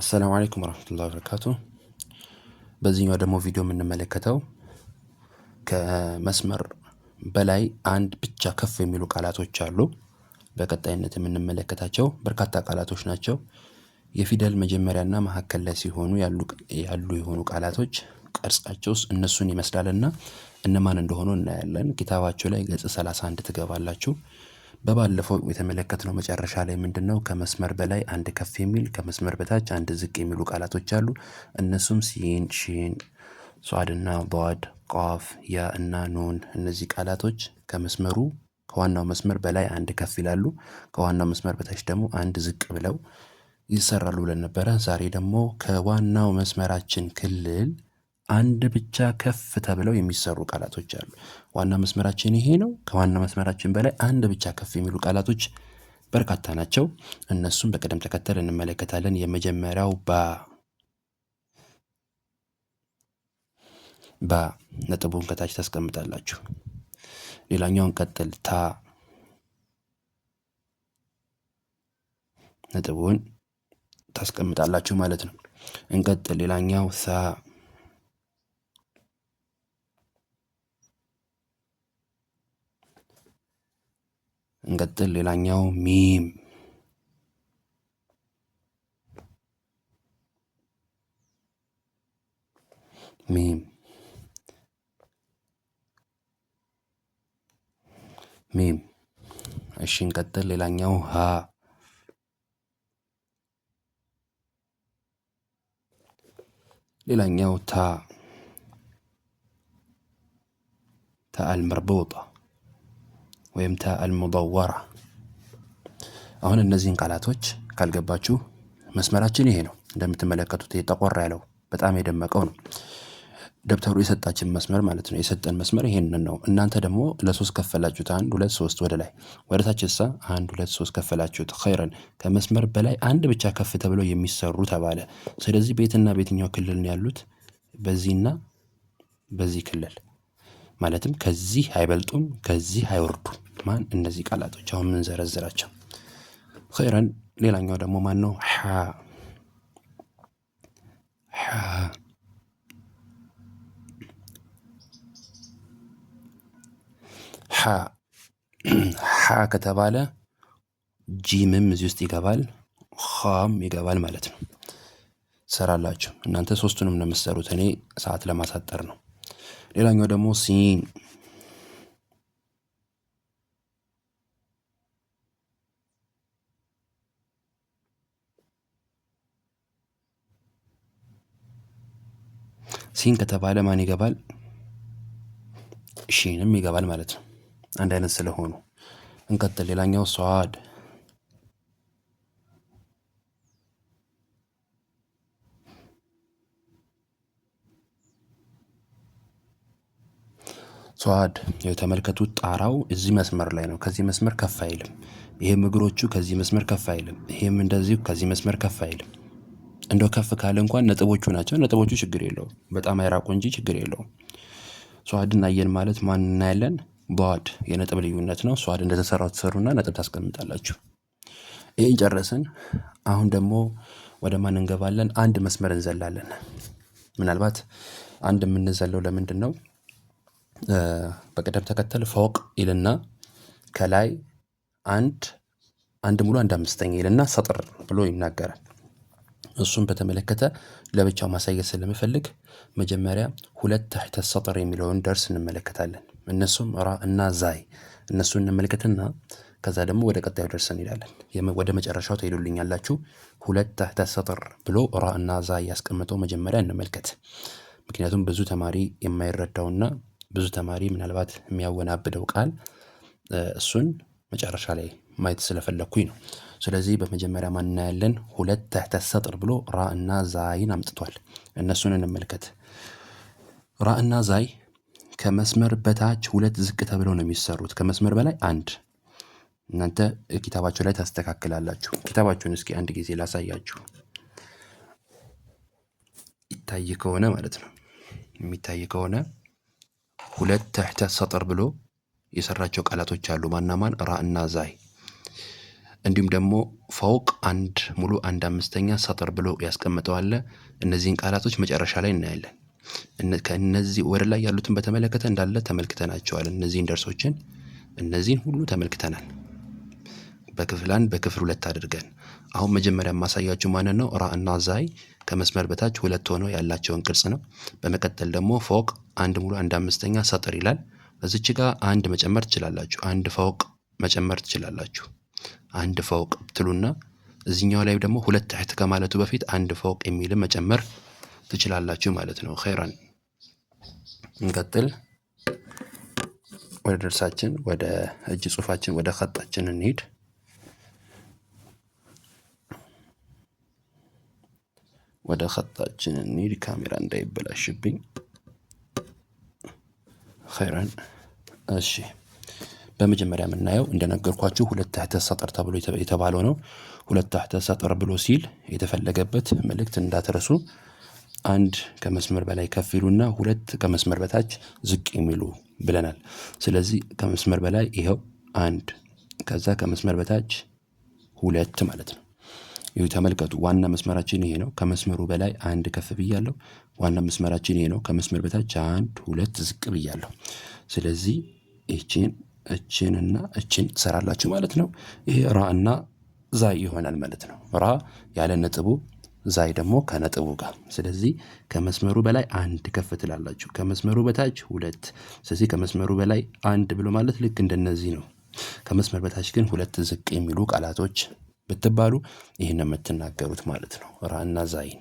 አሰላሙ አለይኩም ወረህመቱላሂ ወበረካቱ። በዚህኛው ደግሞ ቪዲዮ የምንመለከተው ከመስመር በላይ አንድ ብቻ ከፍ የሚሉ ቃላቶች አሉ። በቀጣይነት የምንመለከታቸው በርካታ ቃላቶች ናቸው። የፊደል መጀመሪያና መካከል ላይ ሲሆኑ ያሉ የሆኑ ቃላቶች ቅርጻቸው እነሱን ይመስላልና እነማን እንደሆኑ እናያለን። ኪታባቸው ላይ ገጽ 31 ትገባላችሁ። በባለፈው የተመለከትነው መጨረሻ ላይ ምንድነው ከመስመር በላይ አንድ ከፍ የሚል ከመስመር በታች አንድ ዝቅ የሚሉ ቃላቶች አሉ። እነሱም ሲን፣ ሺን፣ ሷድና ቧድ፣ ቋፍ፣ ያ እና ኑን። እነዚህ ቃላቶች ከመስመሩ ከዋናው መስመር በላይ አንድ ከፍ ይላሉ፣ ከዋናው መስመር በታች ደግሞ አንድ ዝቅ ብለው ይሰራሉ ብለን ነበረ። ዛሬ ደግሞ ከዋናው መስመራችን ክልል አንድ ብቻ ከፍ ተብለው የሚሰሩ ቃላቶች አሉ። ዋና መስመራችን ይሄ ነው። ከዋና መስመራችን በላይ አንድ ብቻ ከፍ የሚሉ ቃላቶች በርካታ ናቸው። እነሱም በቅደም ተከተል እንመለከታለን። የመጀመሪያው ባ ባ፣ ነጥቡን ከታች ታስቀምጣላችሁ። ሌላኛውን ቀጥል። ታ፣ ነጥቡን ታስቀምጣላችሁ ማለት ነው። እንቀጥል። ሌላኛው ሳ እንቀጥል። ሌላኛው ሚም ሚም ሚም። እሺ እንቀጥል። ሌላኛው ሀ ሌላኛው ታ ታአል መርቦጣ ወይም ታ አልሙደወራ። አሁን እነዚህን ቃላቶች ካልገባችሁ መስመራችን ይሄ ነው። እንደምትመለከቱት ጠቆር ያለው በጣም የደመቀው ነው ደብተሩ የሰጣችን መስመር ማለት ነው። የሰጠን መስመር ይሄንን ነው። እናንተ ደግሞ ለሶስት ከፈላችሁት፣ አንድ ሁለት ሶስት ወደ ላይ ወደ ታች ሳ አንድ ሁለት ሶስት ከፈላችሁት። ኸይረን ከመስመር በላይ አንድ ብቻ ከፍ ተብለው የሚሰሩ ተባለ። ስለዚህ ቤትና ቤትኛው ክልል ነው ያሉት በዚህና በዚህ ክልል ማለትም ከዚህ አይበልጡም ከዚህ አይወርዱም ማን እነዚህ ቃላቶች አሁን ምንዘረዝራቸው ኸይረን ሌላኛው ደግሞ ማን ነው ሓ ሓ ሓ ሓ ከተባለ ጂምም እዚህ ውስጥ ይገባል ኻም ይገባል ማለት ነው። ትሰራላችሁ እናንተ ሶስቱንም ነው የምትሰሩት። እኔ ሰዓት ለማሳጠር ነው። ሌላኛው ደግሞ ሲን ሲን ከተባለ ማን ይገባል? ሺንም ይገባል ማለት ነው። አንድ አይነት ስለሆኑ እንቀጥል። ሌላኛው ሷድ ተዋድ የተመልከቱት ጣራው እዚህ መስመር ላይ ነው። ከዚህ መስመር ከፍ አይልም። ይሄም እግሮቹ ከዚህ መስመር ከፍ አይልም። ይሄም እንደዚሁ ከዚህ መስመር ከፍ አይልም። እንደው ከፍ ካለ እንኳን ነጥቦቹ ናቸው። ነጥቦቹ ችግር የለው በጣም አይራቁ እንጂ ችግር የለው። ሷዕድን አየን ማለት ማን እናያለን? በዋድ የነጥብ ልዩነት ነው። ሷዕድ እንደተሰራው ትሰሩና ነጥብ ታስቀምጣላችሁ። ይህን ጨረስን። አሁን ደግሞ ወደ ማን እንገባለን? አንድ መስመር እንዘላለን። ምናልባት አንድ የምንዘለው ለምንድን ነው? በቅደም ተከተል ፎቅ ይልና ከላይ አንድ አንድ ሙሉ አንድ አምስተኛ ይልና ሰጥር ብሎ ይናገራል። እሱን በተመለከተ ለብቻው ማሳየት ስለምፈልግ መጀመሪያ ሁለት ተሕተ ሰጥር የሚለውን ደርስ እንመለከታለን። እነሱም ራ እና ዛይ እነሱ እንመልከትና ከዛ ደግሞ ወደ ቀጣዩ ደርስ እንሄዳለን። ወደ መጨረሻው ትሄዱልኛላችሁ። ሁለት ተሕተ ሰጥር ብሎ ራ እና ዛይ ያስቀምጠው መጀመሪያ እንመልከት። ምክንያቱም ብዙ ተማሪ የማይረዳውና ብዙ ተማሪ ምናልባት የሚያወናብደው ቃል እሱን መጨረሻ ላይ ማየት ስለፈለኩኝ ነው። ስለዚህ በመጀመሪያ ማንና ያለን ሁለት ተህተ ሰጥር ብሎ ራ እና ዛይን አምጥቷል እነሱን እንመልከት። ራ እና ዛይ ከመስመር በታች ሁለት ዝቅ ተብለው ነው የሚሰሩት ከመስመር በላይ አንድ። እናንተ ኪታባችሁ ላይ ታስተካክላላችሁ። ኪታባችሁን እስኪ አንድ ጊዜ ላሳያችሁ ይታይ ከሆነ ማለት ነው የሚታይ ከሆነ ሁለት ተሕተ ሰጠር ብሎ የሰራቸው ቃላቶች አሉ። ማናማን ራ እና ዛይ እንዲሁም ደግሞ ፈውቅ አንድ ሙሉ አንድ አምስተኛ ሰጠር ብሎ ያስቀምጠዋለ። እነዚህን ቃላቶች መጨረሻ ላይ እናያለን። ከእነዚህ ወደ ላይ ያሉትን በተመለከተ እንዳለ ተመልክተናቸዋል። እነዚህን ደርሶችን እነዚህን ሁሉ ተመልክተናል። በክፍል አንድ በክፍል ሁለት አድርገን አሁን መጀመሪያ የማሳያችሁ ማንን ነው? ራ እና ዛይ ከመስመር በታች ሁለት ሆነው ያላቸውን ቅርጽ ነው። በመቀጠል ደግሞ ፎቅ አንድ ሙሉ አንድ አምስተኛ ሰጥር ይላል። በዚች ጋ አንድ መጨመር ትችላላችሁ። አንድ ፎቅ መጨመር ትችላላችሁ። አንድ ፎቅ ትሉና እዚኛው ላይ ደግሞ ሁለት ታሕት ከማለቱ በፊት አንድ ፎቅ የሚልም መጨመር ትችላላችሁ ማለት ነው። ኸይራን እንቀጥል። ወደ ደርሳችን ወደ እጅ ጽሑፋችን ወደ ኸጣችን እንሂድ። ወደ ኸጣችን እንሂድ። ካሜራ እንዳይበላሽብኝ። ኸይረን። እሺ በመጀመሪያ የምናየው እንደነገርኳችሁ ሁለት ታሕተ ሰጠር ተብሎ የተባለው ነው። ሁለት ታሕተ ሰጠር ብሎ ሲል የተፈለገበት መልእክት እንዳትረሱ። አንድ ከመስመር በላይ ከፍ ይሉና ሁለት ከመስመር በታች ዝቅ የሚሉ ብለናል። ስለዚህ ከመስመር በላይ ይኸው አንድ፣ ከዛ ከመስመር በታች ሁለት ማለት ነው። ተመልከቱ። ዋና መስመራችን ይሄ ነው። ከመስመሩ በላይ አንድ ከፍ ብያለሁ። ዋና መስመራችን ይሄ ነው። ከመስመር በታች አንድ ሁለት ዝቅ ብያለሁ። ስለዚህ ይችን እችን እና እችን ትሰራላችሁ ማለት ነው። ይሄ ራ እና ዛይ ይሆናል ማለት ነው። ራ ያለ ነጥቡ ዛይ ደግሞ ከነጥቡ ጋር። ስለዚህ ከመስመሩ በላይ አንድ ከፍ ትላላችሁ፣ ከመስመሩ በታች ሁለት። ስለዚህ ከመስመሩ በላይ አንድ ብሎ ማለት ልክ እንደነዚህ ነው። ከመስመር በታች ግን ሁለት ዝቅ የሚሉ ቃላቶች ብትባሉ ይህን የምትናገሩት ማለት ነው። ራእና ዛይን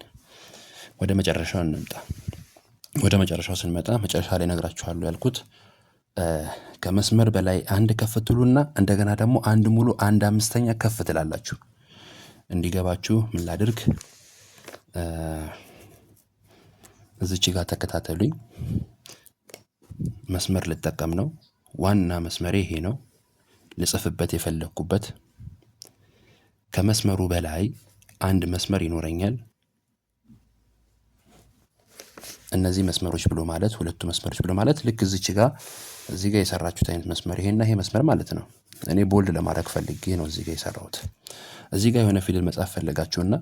ወደ መጨረሻው እንምጣ። ወደ መጨረሻው ስንመጣ መጨረሻ ላይ ነግራችኋለሁ ያልኩት ከመስመር በላይ አንድ ከፍ ትሉና እንደገና ደግሞ አንድ ሙሉ አንድ አምስተኛ ከፍ ትላላችሁ። እንዲገባችሁ ምን ላድርግ? እዚች ጋር ተከታተሉኝ። መስመር ልጠቀም ነው። ዋና መስመሬ ይሄ ነው። ልጽፍበት የፈለግኩበት ከመስመሩ በላይ አንድ መስመር ይኖረኛል። እነዚህ መስመሮች ብሎ ማለት ሁለቱ መስመሮች ብሎ ማለት ልክ እዚች ጋ እዚህ ጋ የሰራችሁት አይነት መስመር ይሄና ይሄ መስመር ማለት ነው። እኔ ቦልድ ለማድረግ ፈልጌ ነው እዚህ ጋ የሰራሁት። እዚህ ጋ የሆነ ፊደል መጻፍ ፈለጋችሁና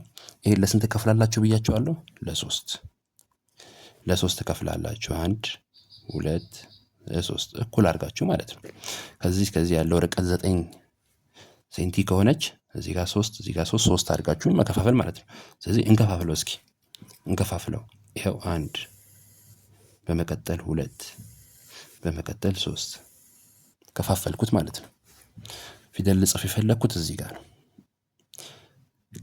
ይሄን ለስንት ከፍላላችሁ ብያችኋለሁ? ለሶስት ለሶስት ከፍላላችሁ አንድ ሁለት ሶስት እኩል አድርጋችሁ ማለት ነው። ከዚህ ከዚህ ያለው ርቀት ዘጠኝ ሴንቲ ከሆነች እዚህ ጋር ሶስት እዚህ ጋር ሶስት ሶስት አድርጋችሁን መከፋፈል ማለት ነው። ስለዚህ እንከፋፍለው እስኪ እንከፋፍለው። ይኸው አንድ በመቀጠል ሁለት በመቀጠል ሶስት ከፋፈልኩት ማለት ነው። ፊደል ልጽፍ የፈለግኩት እዚህ ጋር ነው።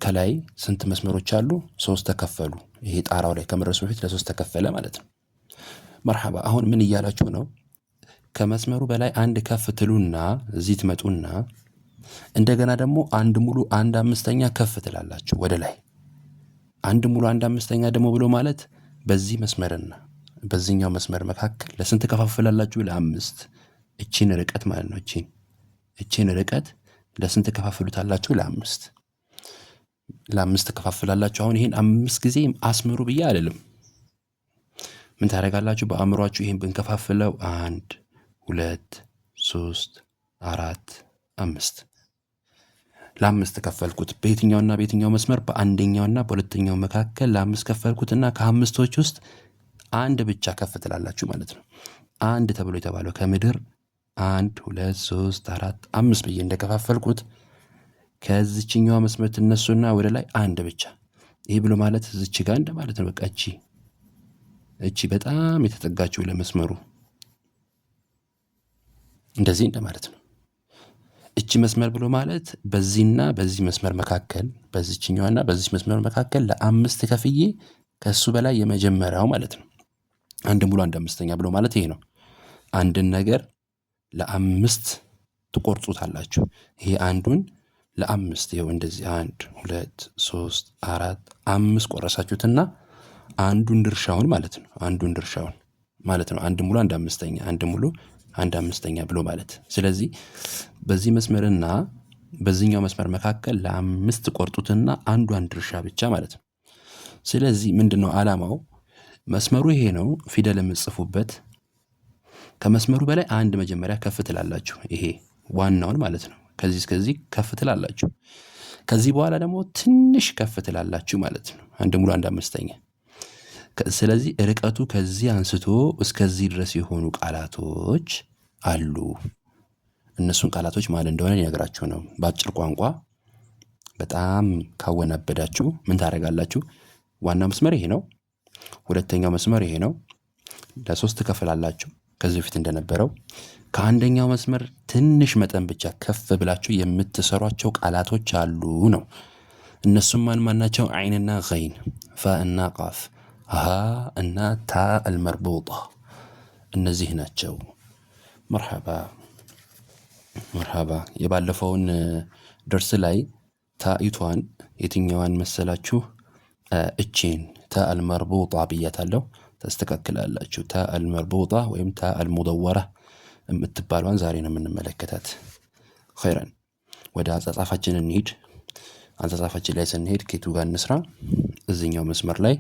ከላይ ስንት መስመሮች አሉ? ሶስት ተከፈሉ። ይሄ ጣራው ላይ ከመድረሱ በፊት ለሶስት ተከፈለ ማለት ነው። መርሓባ አሁን ምን እያላችሁ ነው? ከመስመሩ በላይ አንድ ከፍ ትሉና እዚህ ትመጡና እንደገና ደግሞ አንድ ሙሉ አንድ አምስተኛ ከፍ ትላላችሁ ወደ ላይ። አንድ ሙሉ አንድ አምስተኛ ደግሞ ብሎ ማለት በዚህ መስመርና በዚህኛው መስመር መካከል ለስንት ከፋፍላላችሁ? ለአምስት። እቺን ርቀት ማለት ነው። እቺን እቺን ርቀት ለስንት ከፋፍሉታላችሁ? ለአምስት ለአምስት ከፋፍላላችሁ። አሁን ይህን አምስት ጊዜ አስምሩ ብዬ አልልም። ምን ታደርጋላችሁ? በአእምሯችሁ ይህን ብንከፋፍለው አንድ ሁለት ሶስት አራት አምስት ለአምስት ከፈልኩት በየትኛውና በየትኛው መስመር በአንደኛውና በሁለተኛው መካከል ለአምስት ከፈልኩት እና ከአምስቶች ውስጥ አንድ ብቻ ከፍ ትላላችሁ ማለት ነው። አንድ ተብሎ የተባለው ከምድር አንድ ሁለት ሶስት አራት አምስት ብዬ እንደከፋፈልኩት ከዚችኛዋ መስመር ትነሱና ወደ ላይ አንድ ብቻ። ይህ ብሎ ማለት ዝች ጋ እንደ ማለት ነው። በቃ እቺ እቺ በጣም የተጠጋችው ለመስመሩ እንደዚህ ማለት ነው። እቺ መስመር ብሎ ማለት በዚህና በዚህ መስመር መካከል በዚችኛዋና በዚች መስመር መካከል ለአምስት ከፍዬ ከእሱ በላይ የመጀመሪያው ማለት ነው። አንድ ሙሉ አንድ አምስተኛ ብሎ ማለት ይሄ ነው። አንድን ነገር ለአምስት ትቆርጹታላችሁ። ይሄ አንዱን ለአምስት ይኸው እንደዚህ አንድ ሁለት ሶስት አራት አምስት ቆረሳችሁትና አንዱን ድርሻውን ማለት ነው። አንዱን ድርሻውን ማለት ነው። አንድ ሙሉ አንድ አምስተኛ አንድ ሙሉ አንድ አምስተኛ ብሎ ማለት። ስለዚህ በዚህ መስመርና በዚህኛው መስመር መካከል ለአምስት ቆርጡትና አንዷን ድርሻ ብቻ ማለት ነው። ስለዚህ ምንድን ነው አላማው? መስመሩ ይሄ ነው፣ ፊደል የምጽፉበት። ከመስመሩ በላይ አንድ መጀመሪያ ከፍ ትላላችሁ። ይሄ ዋናውን ማለት ነው። ከዚህ እስከዚህ ከፍ ትላላችሁ። ከዚህ በኋላ ደግሞ ትንሽ ከፍ ትላላችሁ ማለት ነው። አንድ ሙሉ አንድ አምስተኛ ስለዚህ ርቀቱ ከዚህ አንስቶ እስከዚህ ድረስ የሆኑ ቃላቶች አሉ። እነሱን ቃላቶች ማለት እንደሆነ ሊነግራችሁ ነው። በአጭር ቋንቋ በጣም ካወናበዳችሁ ምን ታደርጋላችሁ? ዋና መስመር ይሄ ነው። ሁለተኛው መስመር ይሄ ነው። ለሶስት ትከፍላላችሁ። ከዚህ በፊት እንደነበረው ከአንደኛው መስመር ትንሽ መጠን ብቻ ከፍ ብላችሁ የምትሰሯቸው ቃላቶች አሉ ነው። እነሱም ማን ማናቸው አይንና ገይን፣ ፋ እና ቃፍ ሃ እና ታ አልመርቡጣ እነዚህ ናቸው። መርሐባ መርሐባ የባለፈውን ደርስ ላይ ታኢቷን የትኛዋን መሰላችሁ? እቼን ታ አልመርቡጣ ብያታለሁ። ተስተካክላላችሁ ታ አልመርቡጣ ወይም ታ አልሙደወራ የምትባሏን ዛሬ ነው የምንመለከታት። ኸይረን ወደ አጻጻፋችን እንሂድ። አጻጻፋችን ላይ ስንሄድ ኬቱ ጋር እንስራ። እዚኛው መስመር ላይ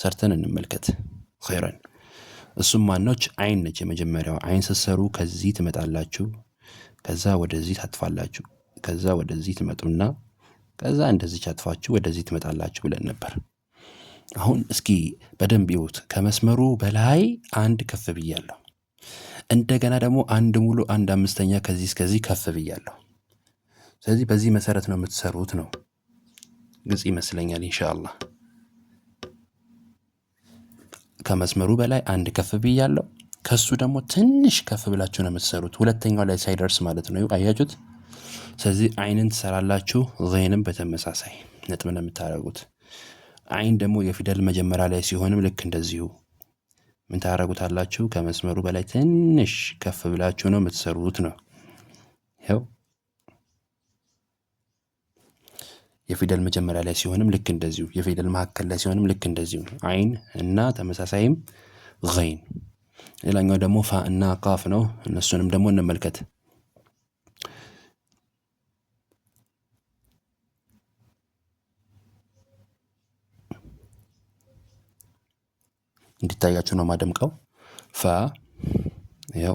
ሰርተን እንመልከት። ኸይረን እሱም ማናች አይን ነች። የመጀመሪያው አይን ስትሰሩ ከዚህ ትመጣላችሁ፣ ከዛ ወደዚህ ታጥፋላችሁ፣ ከዛ ወደዚህ ትመጡና ከዛ እንደዚች አጥፋችሁ ወደዚህ ትመጣላችሁ ብለን ነበር። አሁን እስኪ በደንብ ይዩት። ከመስመሩ በላይ አንድ ከፍ ብያለሁ። እንደገና ደግሞ አንድ ሙሉ አንድ አምስተኛ ከዚህ እስከዚህ ከፍ ብያለሁ። ስለዚህ በዚህ መሰረት ነው የምትሰሩት ነው። ግልጽ ይመስለኛል ኢንሻአላህ። ከመስመሩ በላይ አንድ ከፍ ብያለው። ከሱ ደግሞ ትንሽ ከፍ ብላችሁ ነው የምትሰሩት፣ ሁለተኛው ላይ ሳይደርስ ማለት ነው። አያችሁት? ስለዚህ አይንን ትሰራላችሁ። ዘይንም በተመሳሳይ ነጥብ ነው የምታደርጉት። አይን ደግሞ የፊደል መጀመሪያ ላይ ሲሆንም ልክ እንደዚሁ ምን ከመስመሩ በላይ ትንሽ ከፍ ብላችሁ ነው የምትሰሩት ነው ይኸው የፊደል መጀመሪያ ላይ ሲሆንም ልክ እንደዚሁ፣ የፊደል መካከል ላይ ሲሆንም ልክ እንደዚሁ አይን እና ተመሳሳይም ገይን። ሌላኛው ደግሞ ፋ እና ቃፍ ነው። እነሱንም ደግሞ እንመልከት። እንዲታያችሁ ነው ማደምቀው። ፋ ያው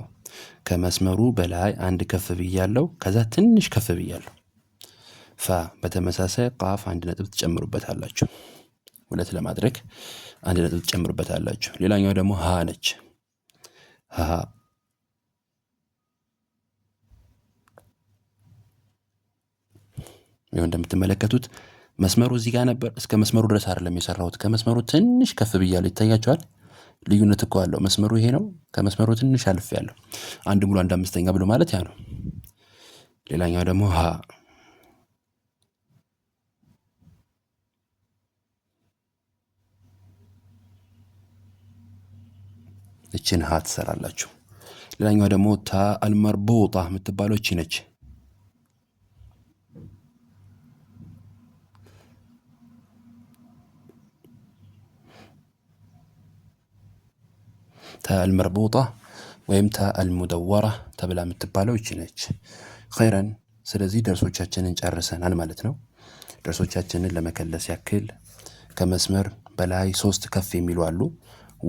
ከመስመሩ በላይ አንድ ከፍ ብያለው፣ ከዛ ትንሽ ከፍ ብያለው። ፋ በተመሳሳይ ቃፍ አንድ ነጥብ ትጨምሩበታላችሁ። ሁለት ለማድረግ አንድ ነጥብ ትጨምሩበታላችሁ። ሌላኛው ደግሞ ሀ ነች። ሀ ይሁን እንደምትመለከቱት መስመሩ እዚህ ጋር ነበር። እስከ መስመሩ ድረስ አይደለም የሰራሁት። ከመስመሩ ትንሽ ከፍ ብያለሁ። ይታያቸዋል። ልዩነት እኮ አለው። መስመሩ ይሄ ነው። ከመስመሩ ትንሽ አልፍ ያለው አንድ ሙሉ አንድ አምስተኛ ብሎ ማለት ያ ነው። ሌላኛው ደግሞ ሀ እችን ሀ ትሰራላችሁ። ሌላኛዋ ደግሞ ታ አልመርቦጣ የምትባለው እቺ ነች። ታ አልመርቦጣ ወይም ታ አልሙደወራ ተብላ የምትባለው እቺ ነች። ኸይረን። ስለዚህ ደርሶቻችንን ጨርሰናል ማለት ነው። ደርሶቻችንን ለመከለስ ያክል ከመስመር በላይ ሶስት ከፍ የሚሉ አሉ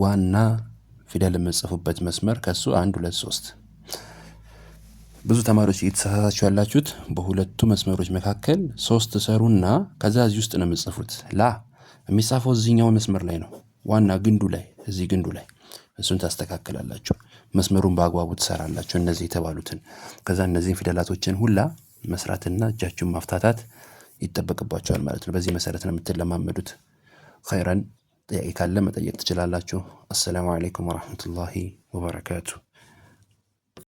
ዋና ፊደል የምጽፉበት መስመር ከሱ አንድ ሁለት ሶስት ብዙ ተማሪዎች እየተሳሳታችሁ ያላችሁት በሁለቱ መስመሮች መካከል ሶስት ሰሩና ከዛ እዚህ ውስጥ ነው የምጽፉት። ላ የሚጻፈው እዚህኛው መስመር ላይ ነው፣ ዋና ግንዱ ላይ እዚህ ግንዱ ላይ እሱን ታስተካክላላችሁ። መስመሩን በአግባቡ ትሰራላችሁ። እነዚህ የተባሉትን ከዛ እነዚህን ፊደላቶችን ሁላ መስራትና እጃችሁን ማፍታታት ይጠበቅባቸዋል ማለት ነው። በዚህ መሰረት ነው የምትለማመዱት። ኸይረን ጥያቄ ካለ መጠየቅ ትችላላችሁ። አሰላሙ አሌይኩም ወረህመቱላሂ ወበረካቱ።